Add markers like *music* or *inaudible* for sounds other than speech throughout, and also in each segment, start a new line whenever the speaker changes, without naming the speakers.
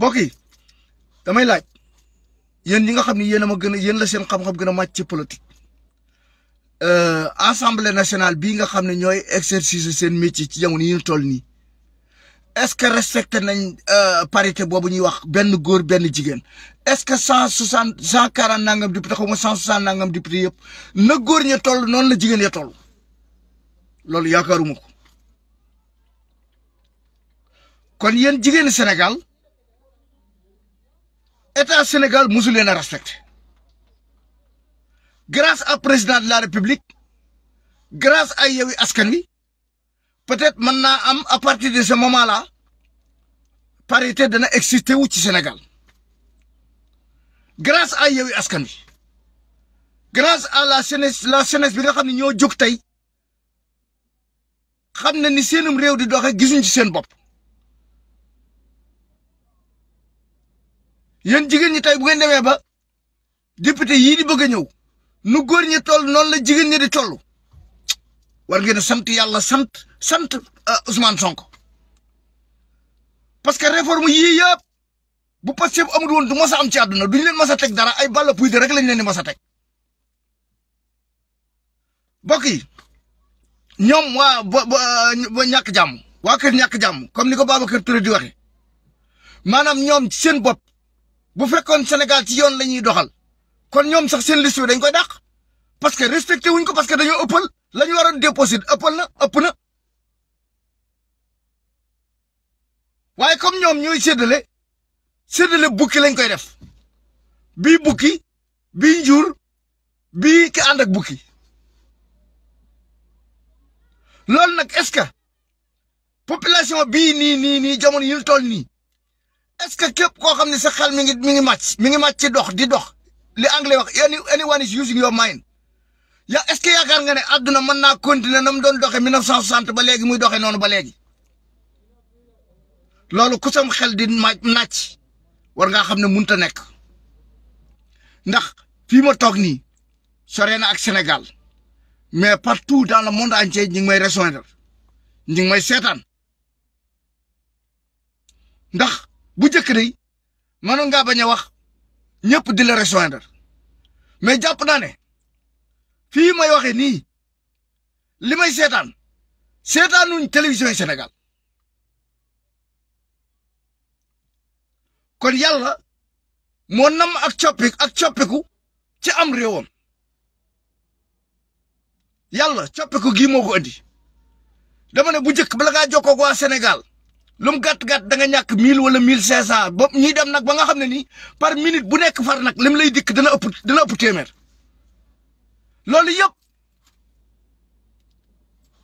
mbokk yi damay laaj yéen ñi nga xam ne yéen a ma gën a yéen la seen xam-xam gën a màcc ci politique euh, assemblée nationale bii nga xam ne ñooy exercice seen métier ci jamono yi ñu toll nii est-ce que respecté nañ euh, parité boobu ñuy wax benn góor benn jigéen est-ce que cent soixante cent quarante nangam député xaw ma cent soixante nangam député yëpp na góor ña toll noonu la jigéen ya toll loolu yaakaaruma ko kon yéen jigéenu Sénégal. état Sénégal musu leen a respecté grâce à président de la république grâce à Yewwi Askan Wi peut-être mën naa am à partir de ce moment là parité dana existé wu ci Sénégal grâce à Yewwi Askan Wi grâce à la jeunesse la jeunesse bi nga xam ne ñoo jóg tey xam na ni seenum réew di doxe gisuñ ci seen bopp yéen jigéen ñi tey bu ngeen demee ba député yii di bëgg a ñëw nu góor ñi toll noonu la jigéen ñi di toll war ngeen sant yàlla sant sant euh, Ousmane Sonko parce que réforme yii yëpp bu Pastef amul woon du mos a am ci àdduna duñ leen mos a teg dara ay balla puy de rek lañ leen di mos a teg mbokk yi ñoom waa ba ba ñàkk jàmm waa kër ñàkk jàmm comme ni ko Babacar di waxe maanaam ñoom seen bopp bu fekkoon Sénégal ci yoon la ñuy doxal kon ñoom sax seen liste dañ koy dàq parce que respecté wuñ ko parce que dañoo ëppal la ñu waroon déposé ëppal na ëpp na. waaye comme ñoom ñooy séddale séddale bukki lañ koy def bii bukki bii njuur bii ki ànd ak bukki loolu nag est-ce que population bii nii nii nii jamono yi ñu toll nii. est-ce que képp koo xam ne sa xel mi ngi mi ngi màcc mi ngi màcc ci dox di dox li anglais wax any anyone is using your mind ya est-ce que yaakaar nga ne àdduna mën naa continuer na mu doon doxee 1960 ba léegi muy doxee noonu ba léegi loolu ku sam xel di màcc nàcc war ngaa xam ne mënut nekk ndax fii ma toog nii sore na ak Sénégal mais partout dans le monde entier ñi ngi may raisonner ñi ngi may seetaan ndax. bu njëkk day manu nga baña wax ñepp di la rejoindre mais japp na ne fi may waxee ni limay sétan sétanu télévision Sénégal kon yalla mo nam ak chopik ak chopiku ci am réewam yalla chopiku gi moko andi dama ne bu njëkk bala nga joko Sénégal lum gat gat da nga ñak 1000 wala 1500 bop ñi dem nak ba nga xamne ni par minute bu nek far nak lim lay dik dana upp dana upp témer loolu yëpp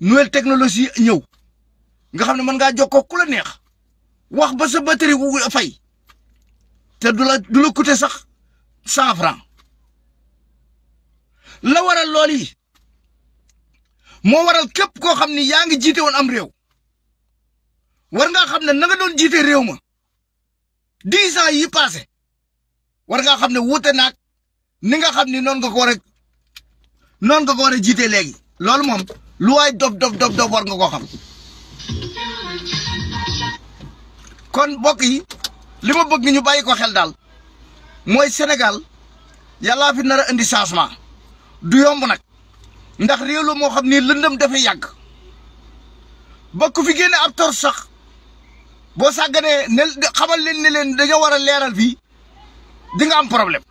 nouvelle technologie ñew nga xamne man nga joko jokkoo ku la neex wax ba sa batterie wu fay té dula dula coûter sax 100 francs la waral loolu mo waral kep ko xamni yaangi jité won am rew war ngaa xam ne na nga doon jiite réew ma dix ans yi passé war ngaa xam ne wuute naag ni nga xam ni noon nga ko a noonu nga ko war jiite léegi loolu moom lu waay dof dof dof dof war nga koo xam kon mbokk yi li ma bëgg ñu bàyyi ko xel daal mooy Sénégal yàllaa fi nar indi changement du yomb nag ndax réew la moo xam ni lëndëm dafay yàgg ba ku fi génne ab tor sax boo sàgganee ne xamal leen ne leen dañoo war a leeral fii di nga am problème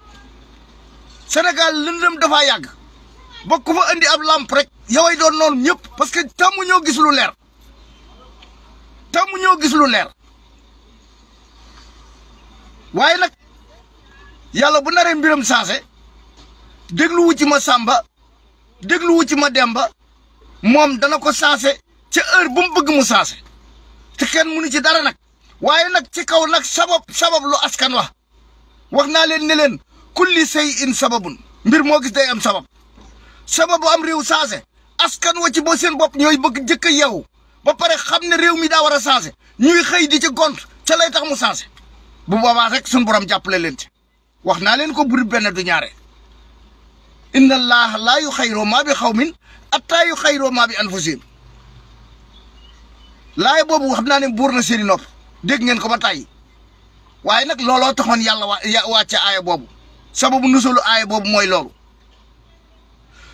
Sénégal lëndëm dafa yàgg ba ku fa indi ab làmp rek yoway doon noonu ñëpp parce que tàmm ñoo gis lu leer tàmm ñoo gis lu leer waaye nag yàlla bu naree mbiram saase dégluwu ci ma sàmba dégluwu ci ma demba moom dana ko saase ca heure bu mu bëgg mu saase ci te kenn mënu ci dara nag waaye nag ci kaw nag sabab sabab lu askan wa wax naa leen ne leen kulli say in sababun mbir moo gis day am sabab sababu am réew saase askan wa ci boo seen bopp ñooy bëgg njëkk a yeewu ba pare xam ne réew mi daa war a saase ñuy xëy di ci gont ca lay tax mu saase bu boobaa rek sun boroom jàppale leen ci wax naa leen ko buri benn du ñaare inna allaha laa yuxayroo maa bi xawmin attaa yuxayroo maa bi anfusihim laay boobu xam naa ne buur na seeni nopp dégg ngeen ko ba tàyyi waaye nag looloo taxoon yàlla wàcce aaya boobu sababu nusulu aaya boobu mooy loolu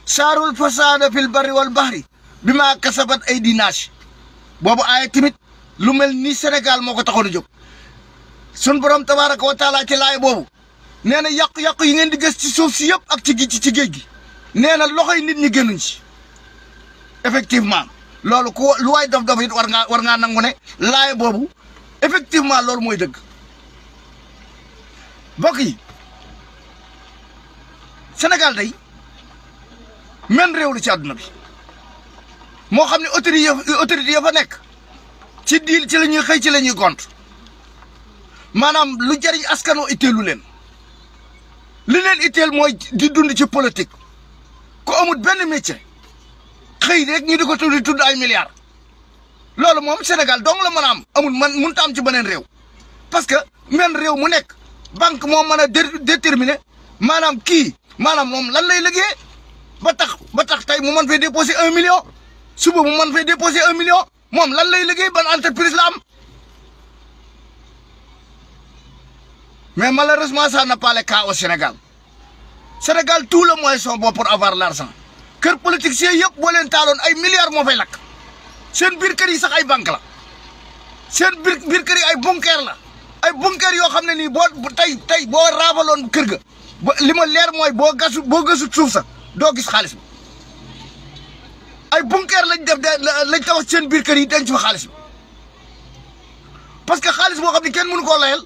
saarul fasaada fil barri wal bahri bi maa kasabat ay dinaas boobu aaya tamit lu mel ni Sénégal moo ko taxoon jóg sun borom tabaaraka wa taala ci boobu nee na yàqu-yàqu yi ngeen di gës ci suuf si yëpp ak ci ci géej gi neena loxo yi nit ñi génnuñ ci effectivement loolu ku luwaay waay dof dof it war ngaa war ngaa nangu ne boobu effectivement loolu mooy dëgg mbokk yi Sénégal men réew ci àdduna bi moo xam ne autorité autorité ya fa nekk ci diil ci la ñuy xëy ci la ñuy gont maanaam lu jariñ askanoo itteelu leen li leen itteel mooy di dund ci politique ko amut benn métier xëy rek ñu di ko tuddi tudd ay milliards loolu moom Sénégal dong la mën a am amul man mënut a am ci beneen réew parce que men réew mu nekk banque moo mën a déterminer maanaam kii maanaam moom lan lay liggéey ba tax ba tax tey mu mën fay déposé un million suba mu mën fay déposer un million moom lan lay liggéey ban entreprise la am mais malheureusement resement n'est na le cas au Sénégal Sénégal tout le moyen sont bons pour avoir l'argent kër politiciens yëpp boo leen taaloon ay milliards moo fay lakk seen biir kër yi sax ay banque la seen biir biir kër yi ay bunker la ay bunker yoo xam ne nii boo tey tey boo raabaloon kër ga ba li ma leer mooy boo gasu boo gasut suuf sax doo gis xaalis bi ay bunker lañ def la tabax seen biir kër yi denc fa xaalis bi parce que xaalis boo xam ne kenn mënu koo layal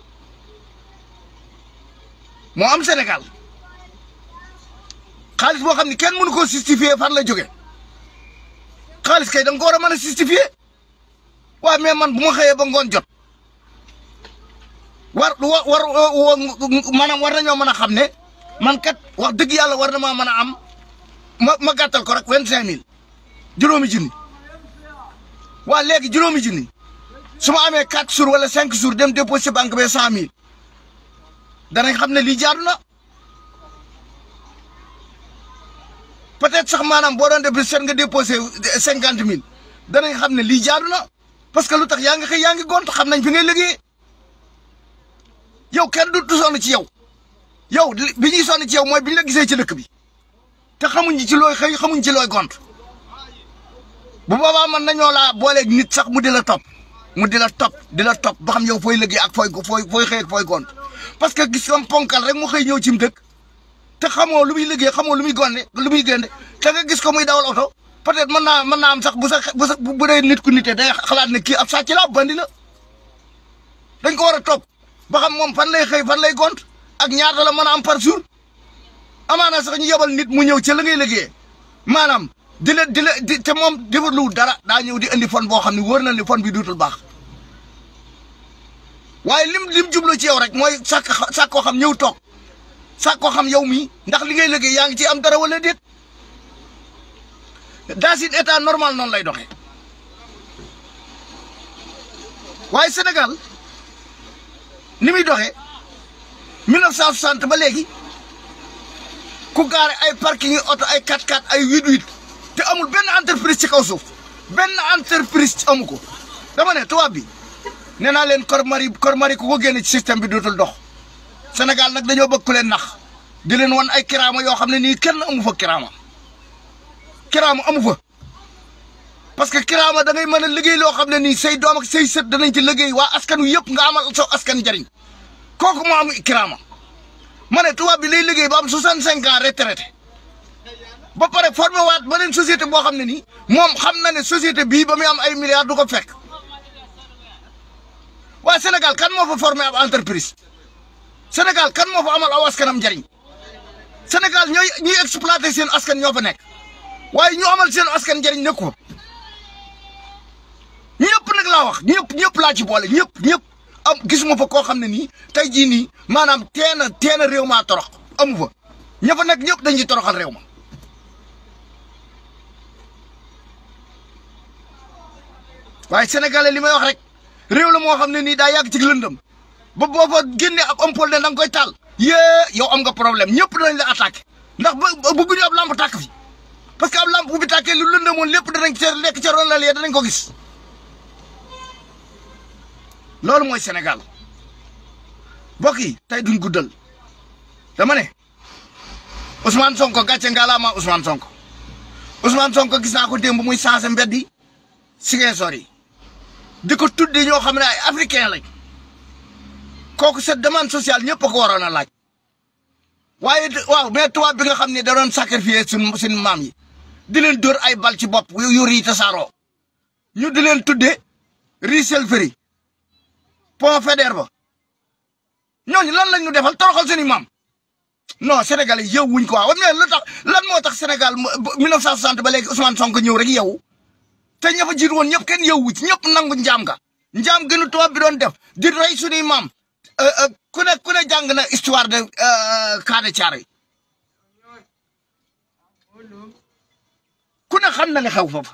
moo am Sénégal xaalis bo xamni ne kenn mënu ko justifier fan la jógee xaalis kay dang ko wara a justifier wa mais man buma ma ba ngon jot war war war war nañu mën a ne man kat wax deug yalla war na ma mën am ma ma ko rek 25000 cinq mille wa junni waa léegi suma amé 4 jours wala 5 jours dem déposer banque bé 100000 mille danañ xam ne peut-être sax maanaam boo daan def seen nga déposé cinquante mille danañ xam ne lii jaadu na parce que lu tax yaa ngi xëy yaa ngi gont xam nañ fi ngay liggéey yow kenn du sonn ci yow yow bi ñuy sonn ci yow mooy bi ñu la gisee ci dëkk bi te xamuñ ci looy xëy xamuñ ci looy gont bu boobaa mën nañoo laa booleeg nit sax mu di top mu di top topp top la ba xam yow fooy liggéey ak fooy fooy fooy xëy ak fooy gont parce que gis nga ponkal rek mu xëy ñëw mu dëkk. te xamoo lu mu liggéey xamoo lu muy gonde lu muy gënde te gis ko muy daw oto peut-être mën naa mën naa am sax bu sax bu sax bu dee nit ku nitee day xalaat ne ki ab sàcc la bandi la dañ ko war a top ba xam moom fan lay xëy fan lay gont ak ñaata la mën a am par jour amaana sax ñu yebal nit mu ñëw ci la ngay liggéey maanaam di la di la di te moom defarluwul dara daa ñëw di indi fon boo xam ne wóor na ni fon bi duutul baax waaye lim lim jublu ci yow rek mooy sàkk sàkk koo xam ñëw toog sax ko xam yow mii ndax li ngay liggéey yaa ngi ci am dara wala déet dans un état normal noonu lay doxe waaye senegal ni muy doxe doxee sant ba léegi ku gaare ay parking yi oto ay 4 x ay 8 te amul benn entreprise ci kaw suuf benn entreprise amu ko dama ne tubaab bi nee naa leen kor mari kor mari ku ko génne ci système bi dootul dox. Sénégal nag dañoo bëgg leen nax di leen wan ay kiraama yoo xam ne nii kenn amu fa kiraama kiraama amu fa parce que kiraama da ngay mën a liggéey loo xam ne nii say doom ak say sët danañ ci liggéey waa askan wi yëpp nga amal sa askan njariñ kooku moo am kiraama ma ne tubaab bi lay liggéey ba am 65 ans retraité ba pare formé waat beneen société boo xam ne nii moom xam na ne société bii ba muy am ay milliards du ko fekk waa Sénégal kan moo fa formé entreprise. Senegal kan mo fa amal aw askanam Senegal senegal ñoy ñi exploiter seen askan ñofa nek waye ñu amal seen askan jariñ nekk ko ñëpp nag laa wax ñepp ñepp la ci bolé ñepp ñepp am gisuma fa ko xam ni tay ji ni manam téna téna réew torox amu fa ña nak ñepp dañ ci toroxal réew ma Senegal li may wax rek réew la mo xam ni da yag ci lëndëm ba boo genné ak ab ampoule ne da nga koy taal yee yow am nga problème ñepp dañ la attaquer ndax bu bëgguñu ab lampe tak fi parce que am lampe bu bi lu lëndëmoon lépp lepp dañ ci lek ci ronal ye ya dañ ko gis loolu moy Sénégal bokki tay duñ guddal dama né Ousmane Sonko gàcce ngalaama Ousmane Sonko Ousmane Sonko gis na ko démb muy changer mbeddi yi sori di tuddi ño xamné ay africain lañ. kooku sa demande sociale ñëpp ko waroon a laaj waaye waaw mais tubaab bi nga xam ne daroon doon sacrifier suñ suñ maam yi di leen dóor ay bal ci bopp yu rii tasaaroo ñu di leen tuddee Richelferi pont ba ñooñu lan lañ ñu defal toroxal suñu maam non Sénégal yi yeewuñ ko waaw mais lu tax lan moo tax senegal Sénégal sant ba léegi Ousmane Sonko ñëw rek yeewu te ña fa woon ñëpp kenn yeewu ci ñëpp nangu njaam nga njaam gënu tubaab bi doon def di rey suñuy maam Euh, euh, ku ne ku jàng na histoire de euh, Kaane Thiaroye ku ne xam na ne xew foofu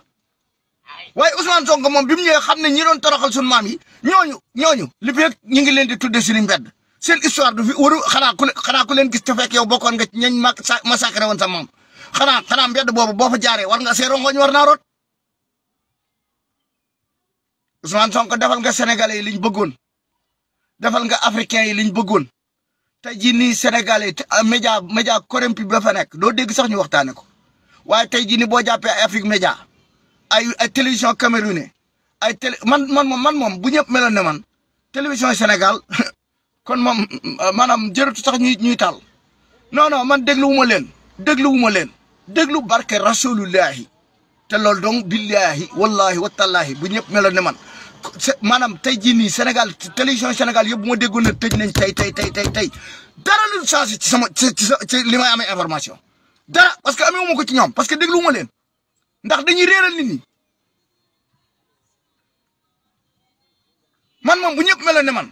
waaye Ousmane Sonko moom bi mu ñëwee xam ne ñi doon toroxal sunu maam ñoñu ñooñu ñooñu li fekk ñu ngi leen di tudde suñu mbedd seen histoire du fi waru xanaa ku xanaa ku leen gis te fekk yow bokkoon nga ci ñañ massacré woon sa maam xanaa xanaa mbedd boobu boo fa jaaree war nga see rongoñ war naa root Ousmane Sonko defal nga Sénégalais yi liñ bëggoon defal nga africain yi liñ bëggoon tay ji ni sénégalais ah, média média corrompu bi fa nek do dégg sax ñu waxtané ko waye tay ji ni bo jappé afrique média ay télévision camerounais ay man man mom man mom bu ñëpp meloon man télévision sénégal *laughs* kon mom manam jërëtu sax ñuy ñuy tal non non man deglu leen deglu leen lu barke rasulullahi té loolu dong billahi wallahi tallahi bu ñëpp meloon man maanaam tey jii nii Sénégal télévision Sénégal yëpp bu ma déggoon ne nañ tey tey tey tey tey dara lu changé ci sama ci ci li may amee information. dara parce que amewuma ko ci ñoom parce que dégluwuma leen ndax dañuy réeral nit ñi man moom bu ñëpp meloon ne man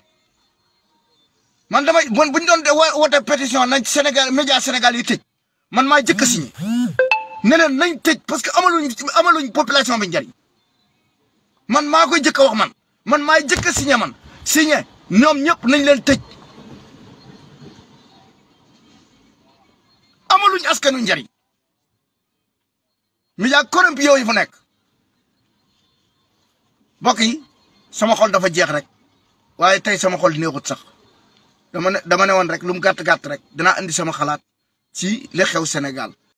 man damay man bu ñu doon woote pétition nañ Sénégal média Sénégal yi man maa jëkk si ñi ne leen nañ tëj parce que amaluñ amaluñ population bi njariñ man maa koy jëkk a wax man man maa jëkk a man signé ñoom ñëpp nañ leen tëj amaluñ askanu njariñ mi yaa corrompu yooyu fu nekk mbokk yi sama xol dafa jeex rek waaye tey sama xol neexut sax dama ne dama ne woon rek lu mu gàtt gàtt rek danaa indi sama xalaat si li xew Sénégal